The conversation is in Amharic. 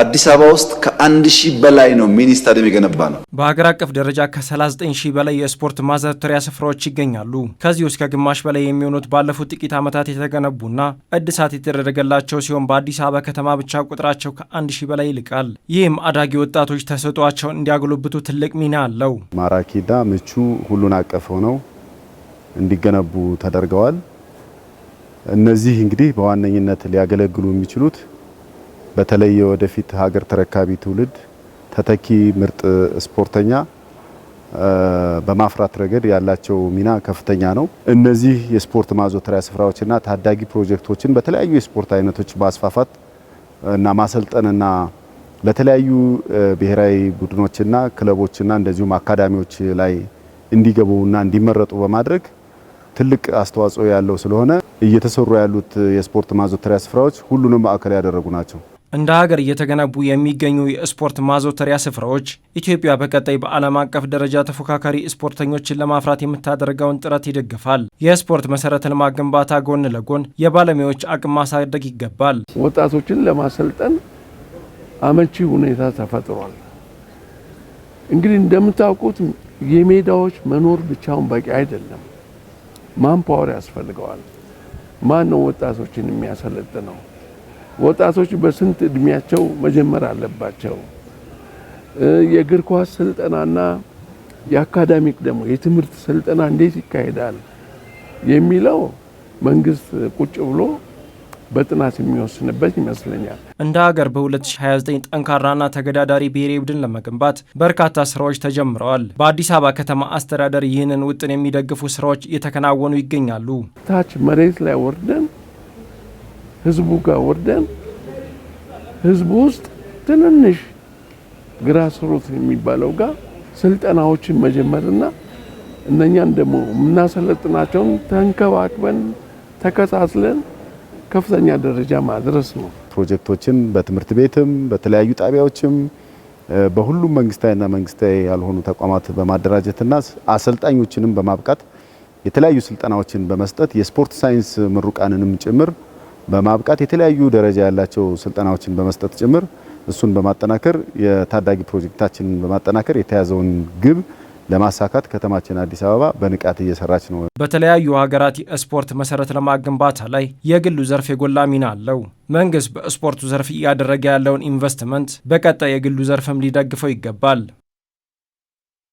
አዲስ አበባ ውስጥ ከአንድ ሺህ በላይ ነው ሚኒ ስታዲየም የገነባ ነው። በሀገር አቀፍ ደረጃ ከ39 ሺህ በላይ የስፖርት ማዘውተሪያ ስፍራዎች ይገኛሉ። ከዚህ ውስጥ ከግማሽ በላይ የሚሆኑት ባለፉት ጥቂት ዓመታት የተገነቡና እድሳት የተደረገላቸው ሲሆን በአዲስ አበባ ከተማ ብቻ ቁጥራቸው ከአንድ ሺህ በላይ ይልቃል። ይህም አዳጊ ወጣቶች ተሰጧቸውን እንዲያጎለብቱ ትልቅ ሚና አለው። ማራኪና ምቹ ሁሉን አቀፍ ሆነው እንዲገነቡ ተደርገዋል። እነዚህ እንግዲህ በዋነኝነት ሊያገለግሉ የሚችሉት በተለይ የወደፊት ሀገር ተረካቢ ትውልድ ተተኪ ምርጥ ስፖርተኛ በማፍራት ረገድ ያላቸው ሚና ከፍተኛ ነው። እነዚህ የስፖርት ማዘውተሪያ ስፍራዎችና ታዳጊ ፕሮጀክቶችን በተለያዩ የስፖርት አይነቶች ማስፋፋት እና ማሰልጠንና ለተለያዩ ብሔራዊ ቡድኖችና ክለቦችና እንደዚሁም አካዳሚዎች ላይ እንዲገቡና እንዲመረጡ በማድረግ ትልቅ አስተዋጽኦ ያለው ስለሆነ እየተሰሩ ያሉት የስፖርት ማዘውተሪያ ስፍራዎች ሁሉንም ማዕከል ያደረጉ ናቸው። እንደ ሀገር እየተገነቡ የሚገኙ የስፖርት ማዘውተሪያ ስፍራዎች ኢትዮጵያ በቀጣይ በዓለም አቀፍ ደረጃ ተፎካካሪ ስፖርተኞችን ለማፍራት የምታደርገውን ጥረት ይደግፋል። የስፖርት መሰረተ ልማት ግንባታ ጎን ለጎን የባለሙያዎች አቅም ማሳደግ ይገባል። ወጣቶችን ለማሰልጠን አመቺ ሁኔታ ተፈጥሯል። እንግዲህ እንደምታውቁት የሜዳዎች መኖር ብቻውን በቂ አይደለም። ማን ፓወር ያስፈልገዋል። ማን ነው ወጣቶችን የሚያሰለጥነው? ወጣቶች በስንት እድሜያቸው መጀመር አለባቸው? የእግር ኳስ ስልጠናና የአካዳሚክ ደግሞ የትምህርት ስልጠና እንዴት ይካሄዳል የሚለው መንግስት ቁጭ ብሎ በጥናት የሚወስንበት ይመስለኛል። እንደ ሀገር በ2029 ጠንካራና ተገዳዳሪ ብሔራዊ ቡድን ለመገንባት በርካታ ስራዎች ተጀምረዋል። በአዲስ አበባ ከተማ አስተዳደር ይህንን ውጥን የሚደግፉ ስራዎች እየተከናወኑ ይገኛሉ። ታች መሬት ላይ ወርደን ህዝቡ ጋር ወርደን ህዝቡ ውስጥ ትንንሽ ግራስሮት የሚባለው ጋር ስልጠናዎችን መጀመርና እነኛን ደግሞ የምናሰለጥናቸውን ተንከባክበን ተከታትለን ከፍተኛ ደረጃ ማድረስ ነው። ፕሮጀክቶችን በትምህርት ቤትም በተለያዩ ጣቢያዎችም በሁሉም መንግስታዊና መንግስታዊ ያልሆኑ ተቋማት በማደራጀትና አሰልጣኞችንም በማብቃት የተለያዩ ስልጠናዎችን በመስጠት የስፖርት ሳይንስ ምሩቃንንም ጭምር በማብቃት የተለያዩ ደረጃ ያላቸው ስልጠናዎችን በመስጠት ጭምር እሱን በማጠናከር የታዳጊ ፕሮጀክታችንን በማጠናከር የተያዘውን ግብ ለማሳካት ከተማችን አዲስ አበባ በንቃት እየሰራች ነው። በተለያዩ ሀገራት የስፖርት መሰረት ልማት ግንባታ ላይ የግሉ ዘርፍ የጎላ ሚና አለው። መንግስት በስፖርቱ ዘርፍ እያደረገ ያለውን ኢንቨስትመንት በቀጣይ የግሉ ዘርፍም ሊደግፈው ይገባል።